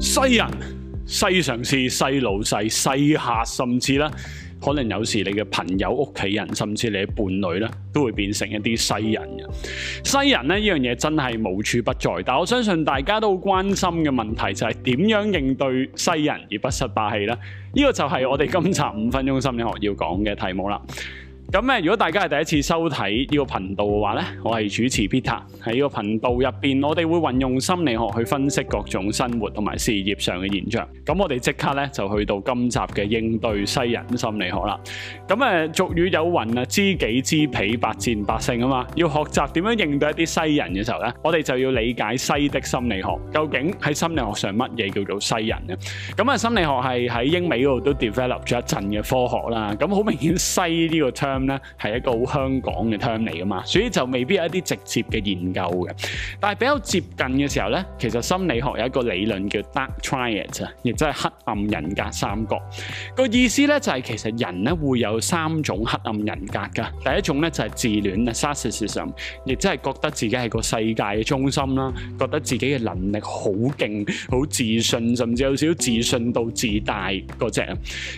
西人、西上司、西老細、西客，甚至咧，可能有時你嘅朋友、屋企人，甚至你嘅伴侶咧，都會變成一啲西人嘅。西人呢，西人呢呢樣嘢真係無處不在。但我相信大家都關心嘅問題就係點樣應對西人而不失霸氣呢呢、呢個就係我哋今集五分鐘心理學要講嘅題目啦。咁咧，如果大家係第一次收睇呢個頻道嘅話咧，我係主持 Peter，喺呢個頻道入邊，我哋會運用心理學去分析各種生活同埋事業上嘅現象。咁我哋即刻咧就去到今集嘅應對西人心理學啦。咁誒俗語有云啊，知己知彼，百戰百勝啊嘛，要學習點樣應對一啲西人嘅時候咧，我哋就要理解西的心理學，究竟喺心理學上乜嘢叫做西人咧？咁啊，心理學係喺英美嗰度都 develop 咗一陣嘅科學啦。咁好明顯，西呢個 term 咧係一個好香港嘅 term 嚟噶嘛，所以就未必有一啲直接嘅研究嘅。但係比較接近嘅時候咧，其實心理學有一個理論叫 Dark Triad 啊，亦即係黑暗人格三角。個意思咧就係其實人咧會有三種黑暗人格噶。第一種咧就係自戀啊，Narcissism，亦即係覺得自己係個世界嘅中心啦，覺得自己嘅能力好勁、好自信，甚至有少少自信到自大嗰隻啊。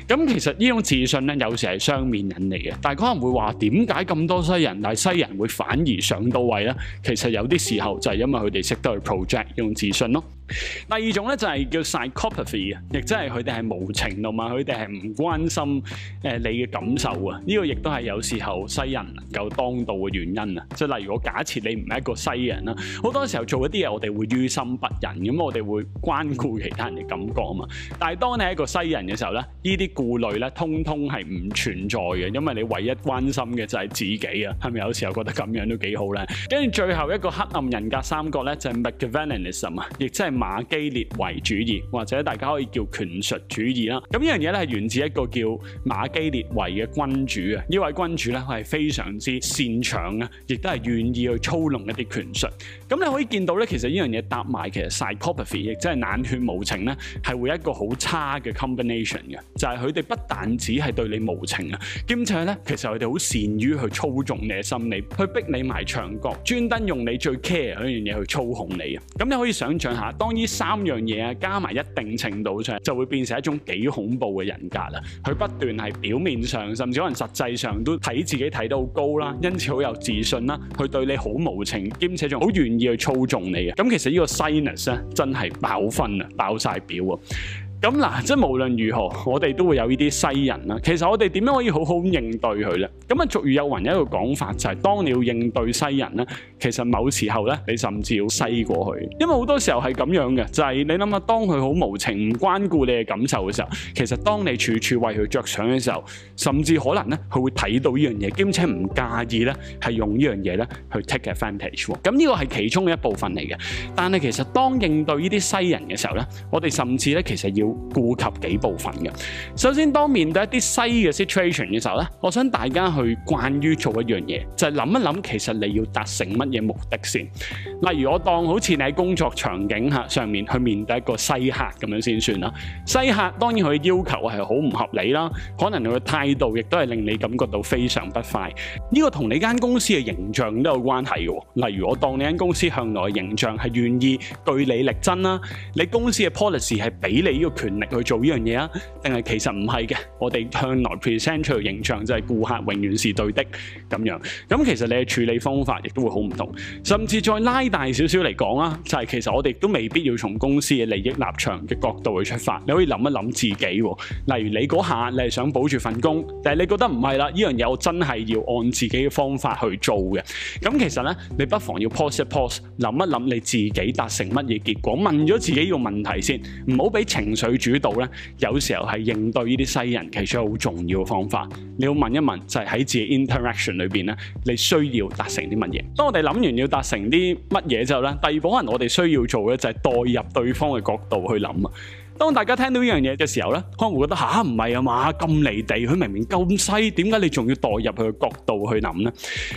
咁其實呢種自信咧有時係雙面人嚟嘅，但係嗰。會話點解咁多西人，但係西人會反而上到位咧？其實有啲時候就係因為佢哋識得去 project，用自信咯。第二種咧就係叫 psychopathy 啊，亦即係佢哋係無情同埋佢哋係唔關心誒你嘅感受啊！呢、呢個亦都係有時候西人能夠當道嘅原因啊！即係例如我假設你唔係一個西人啦，好多時候做一啲嘢我哋會於心不忍，咁我哋會關顧其他人嘅感覺啊嘛。但係當你係一個西人嘅時候咧，呢啲顧慮咧通通係唔存在嘅，因為你唯一關心嘅就係自己啊，係咪？有時候覺得咁樣都幾好咧。跟住最後一個黑暗人格三角咧就係 machiavellianism 啊，亦即係。馬基列維主義，或者大家可以叫權術主義啦。咁呢樣嘢咧係源自一個叫馬基列維嘅君主啊。呢位君主咧係非常之擅長嘅，亦都係願意去操弄一啲權術。咁你可以見到咧，其實呢樣嘢搭埋其實 psychopathy，亦即係冷血無情咧，係會一個好差嘅 combination 嘅。就係佢哋不但止係對你無情啊，兼且咧，其實佢哋好善於去操縱你嘅心理，去逼你埋牆角，專登用你最 care 嗰樣嘢去操控你啊。咁你可以想象下。當呢三樣嘢啊加埋一定程度上，就會變成一種幾恐怖嘅人格啦。佢不斷係表面上，甚至可能實際上都睇自己睇得好高啦，因此好有自信啦。佢對你好無情，兼且仲好願意去操縱你嘅。咁其實呢個 sinus 咧真係爆分啊，爆晒表啊！咁嗱，即係無論如何，我哋都會有呢啲西人啦。其實我哋點樣可以好好咁應對佢呢？咁啊俗語有云，有一個講法就係當你要應對西人呢，其實某時候呢，你甚至要西過去。因為好多時候係咁樣嘅，就係你諗下，當佢好無情唔關顧你嘅感受嘅時候，其實當你處處為佢着想嘅時候，甚至可能呢佢會睇到呢樣嘢，兼且唔介意呢係用呢樣嘢呢去 take advantage 喎。咁呢個係其中嘅一部分嚟嘅。但係其實當應對呢啲西人嘅時候呢，我哋甚至呢其實要。顧及幾部分嘅，首先當面對一啲西嘅 situation 嘅時候咧，我想大家去關於做一樣嘢，就係諗一諗其實你要達成乜嘢目的先。例如我當好似你喺工作場景下上面去面對一個西客咁樣先算啦。西客當然佢嘅要求係好唔合理啦，可能佢嘅態度亦都係令你感覺到非常不快。呢個同你間公司嘅形象都有關係嘅。例如我當你間公司向來嘅形象係願意據理力爭啦，你公司嘅 policy 係俾你呢個權力去做呢樣嘢啊？定係其實唔係嘅，我哋向來 present 出嘅形象就係顧客永遠是對的咁樣。咁其實你嘅處理方法亦都會好唔同，甚至再拉大少少嚟講啊，就係其實我哋都未必要從公司嘅利益立場嘅角度去出發，你可以諗一諗自己。例如你嗰下你係想保住份工，但係你覺得唔係啦，呢樣嘢我真係要按自己嘅方法去做嘅。咁其實咧，你不妨要 post 一 post 諗一諗你自己達成乜嘢結果，問咗自己個問題先，唔好俾情緒佢主導咧，有時候係應對呢啲西人，其實好重要嘅方法。你要問一問，就係喺自己 interaction 裏邊咧，你需要達成啲乜嘢？當我哋諗完要達成啲乜嘢之後咧，第二步可能我哋需要做嘅就係代入對方嘅角度去諗啊。當大家聽到呢樣嘢嘅時候咧，可能會覺得吓，唔係啊嘛，咁離地，佢明明咁西，點解你仲要代入佢嘅角度去諗咧？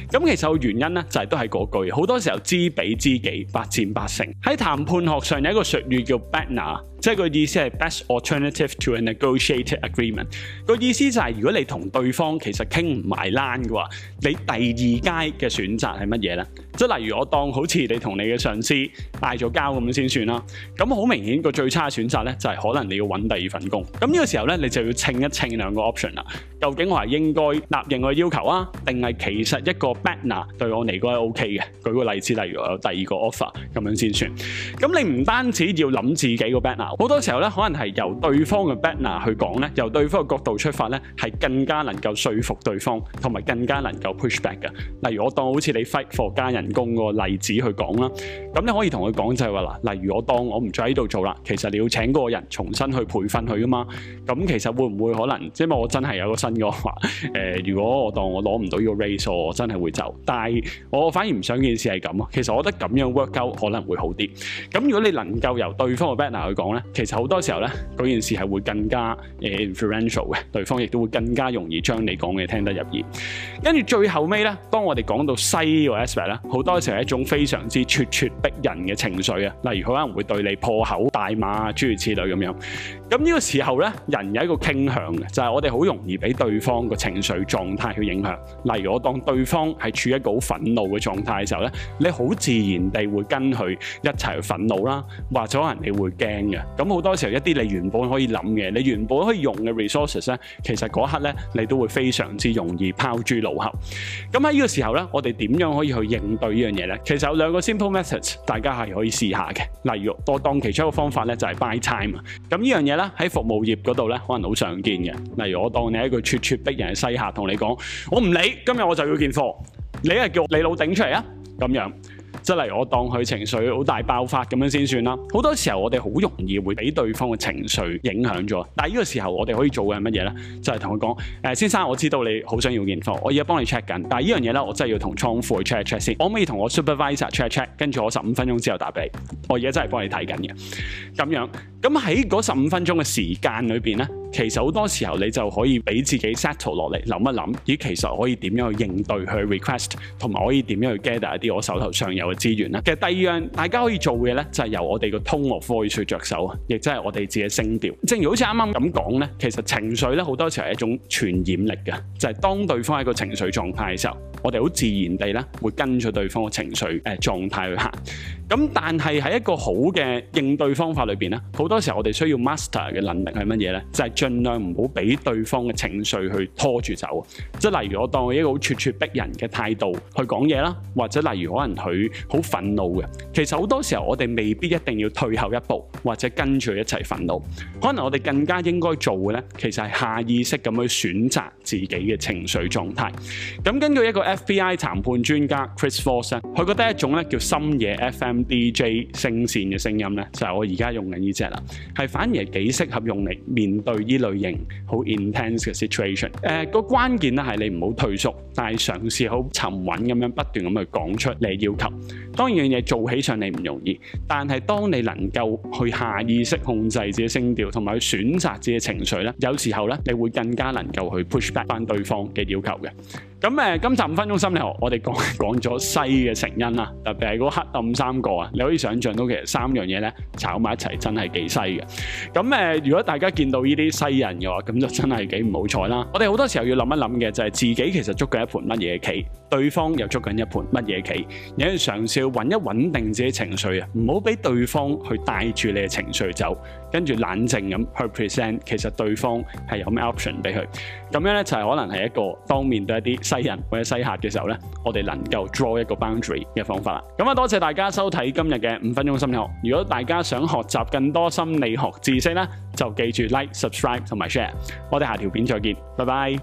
咁其實個原因咧，就係都係嗰句，好多時候知彼知己，百戰百勝。喺談判學上有一個術語叫 BATNA。即係個意思係 best alternative to a negotiated agreement。個意思就係如果你同對方其實傾唔埋欄嘅話，你第二階嘅選擇係乜嘢咧？即係例如我當好似你同你嘅上司嗌咗交咁樣先算啦。咁好明顯個最差嘅選擇咧，就係可能你要揾第二份工。咁呢個時候咧，你就要稱一稱兩個 option 啦。究竟我係應該答應我要求啊，定係其實一個 BATNA 對我嚟講係 OK 嘅？舉個例子，例如我有第二個 offer 咁樣先算。咁你唔單止要諗自己個 BATNA 好多時候咧，可能係由對方嘅 banner 去講咧，由對方嘅角度出發咧，係更加能夠說服對方，同埋更加能夠 push back 嘅。例如我當好似你 fight for 加人工個例子去講啦，咁你可以同佢講就係話嗱，例如我當我唔再喺度做啦，其實你要請嗰個人重新去培訓佢啊嘛。咁其實會唔會可能？即係我真係有個新嘅話，呃，如果我當我攞唔到呢個 raise 我真係會走。但係我反而唔想件事係咁咯，其實我覺得咁樣 work out 可能會好啲。咁如果你能夠由對方嘅 banner 去講咧。其實好多時候呢，嗰件事係會更加 influential 嘅，對方亦都會更加容易將你講嘅聽得入耳。跟住最後尾呢，當我哋講到西個 aspect 咧，好多時候係一種非常之咄咄逼人嘅情緒啊，例如佢可能會對你破口大罵啊，諸如此類咁樣。咁呢個時候呢，人有一個傾向嘅，就係我哋好容易俾對方個情緒狀態去影響。例如我當對方係處於一個好憤怒嘅狀態嘅時候呢，你好自然地會跟佢一齊去憤怒啦，或者可能你會驚嘅。咁好多時候一啲你原本可以諗嘅，你原本可以用嘅 resources 咧，其實嗰刻咧你都會非常之容易拋諸腦後。咁喺呢個時候咧，我哋點樣可以去應對呢樣嘢咧？其實有兩個 simple methods，大家係可以試下嘅。例如我當其中一個方法咧就係、是、buy time 啊。咁呢樣嘢咧，喺服務業嗰度咧，可能好常見嘅。例如我當你係一個咄咄逼人嘅西客，同你講我唔理，今日我就要件貨，你係叫你老頂出嚟啊！咁樣。即係例如我當佢情緒好大爆發咁樣先算啦，好多時候我哋好容易會俾對方嘅情緒影響咗。但係呢個時候我哋可以做嘅係乜嘢呢？就係同佢講，誒、呃，先生，我知道你好想要件貨，我而家幫你 check 緊。但係呢樣嘢呢，我真係要同倉庫去 check 一 check 先。我可唔可以同我 supervisor check 一 check？跟住我十五分鐘之後打俾你。我而家真係幫你睇緊嘅。咁樣，咁喺嗰十五分鐘嘅時間裏邊呢。其實好多時候你就可以俾自己 settle 落嚟，諗一諗，咦，其實可以點樣去應對去 request，同埋可以點樣去 gather 一啲我手頭上有嘅資源啦。其實第二樣大家可以做嘅呢，就係、是、由我哋個 tone of voice 去着手啊，亦即係我哋自己聲調。正如好似啱啱咁講呢，其實情緒呢，好多時係一種傳染力嘅，就係、是、當對方一個情緒狀態嘅時候，我哋好自然地呢會跟住對方嘅情緒誒狀態去行。咁但係喺一個好嘅應對方法裏面呢，好多時候我哋需要 master 嘅能力係乜嘢呢？就係盡量唔好俾對方嘅情緒去拖住走，即係例如我當我一個好咄咄逼人嘅態度去講嘢啦，或者例如可能佢好憤怒嘅，其實好多時候我哋未必一定要退後一步，或者跟住佢一齊憤怒。可能我哋更加應該做嘅呢，其實係下意識咁去選擇自己嘅情緒狀態。咁根據一個 FBI 談判專家 Chris Voss 呢，佢覺得一種咧叫深夜 FM DJ 聲線嘅聲音呢，就係、是、我而家用緊呢隻啦，係反而係幾適合用嚟面對。依類型好 intense 嘅 situation，誒，個關鍵咧係你唔好退縮，但係嘗試好沉穩咁樣不斷咁去講出你嘅要求。當然樣嘢做起上嚟唔容易，但係當你能夠去下意識控制自己聲調，同埋去選擇自己情緒咧，有時候咧你會更加能夠去 push back 翻對方嘅要求嘅。咁誒，今集五分鐘心理學，我哋講講咗西嘅成因啦，特別係嗰黑暗三個啊，你可以想像到其實三樣嘢咧炒埋一齊真係幾西嘅。咁誒，如果大家見到依啲，西人嘅話，咁就真係幾唔好彩啦。我哋好多時候要諗一諗嘅就係自己其實捉緊一盤乜嘢棋，對方又捉緊一盤乜嘢棋，你要嘗試去穩一穩定自己情緒啊，唔好俾對方去帶住你嘅情緒走。跟住冷靜咁去 present，其實對方係有咩 option 俾佢，咁樣咧就係可能係一個當面對一啲西人或者西客嘅時候咧，我哋能夠 draw 一個 boundary 嘅方法啦。咁啊，多謝大家收睇今日嘅五分鐘心理學。如果大家想學習更多心理學知識咧，就記住 like、subscribe 同埋 share。我哋下條片再見，拜拜。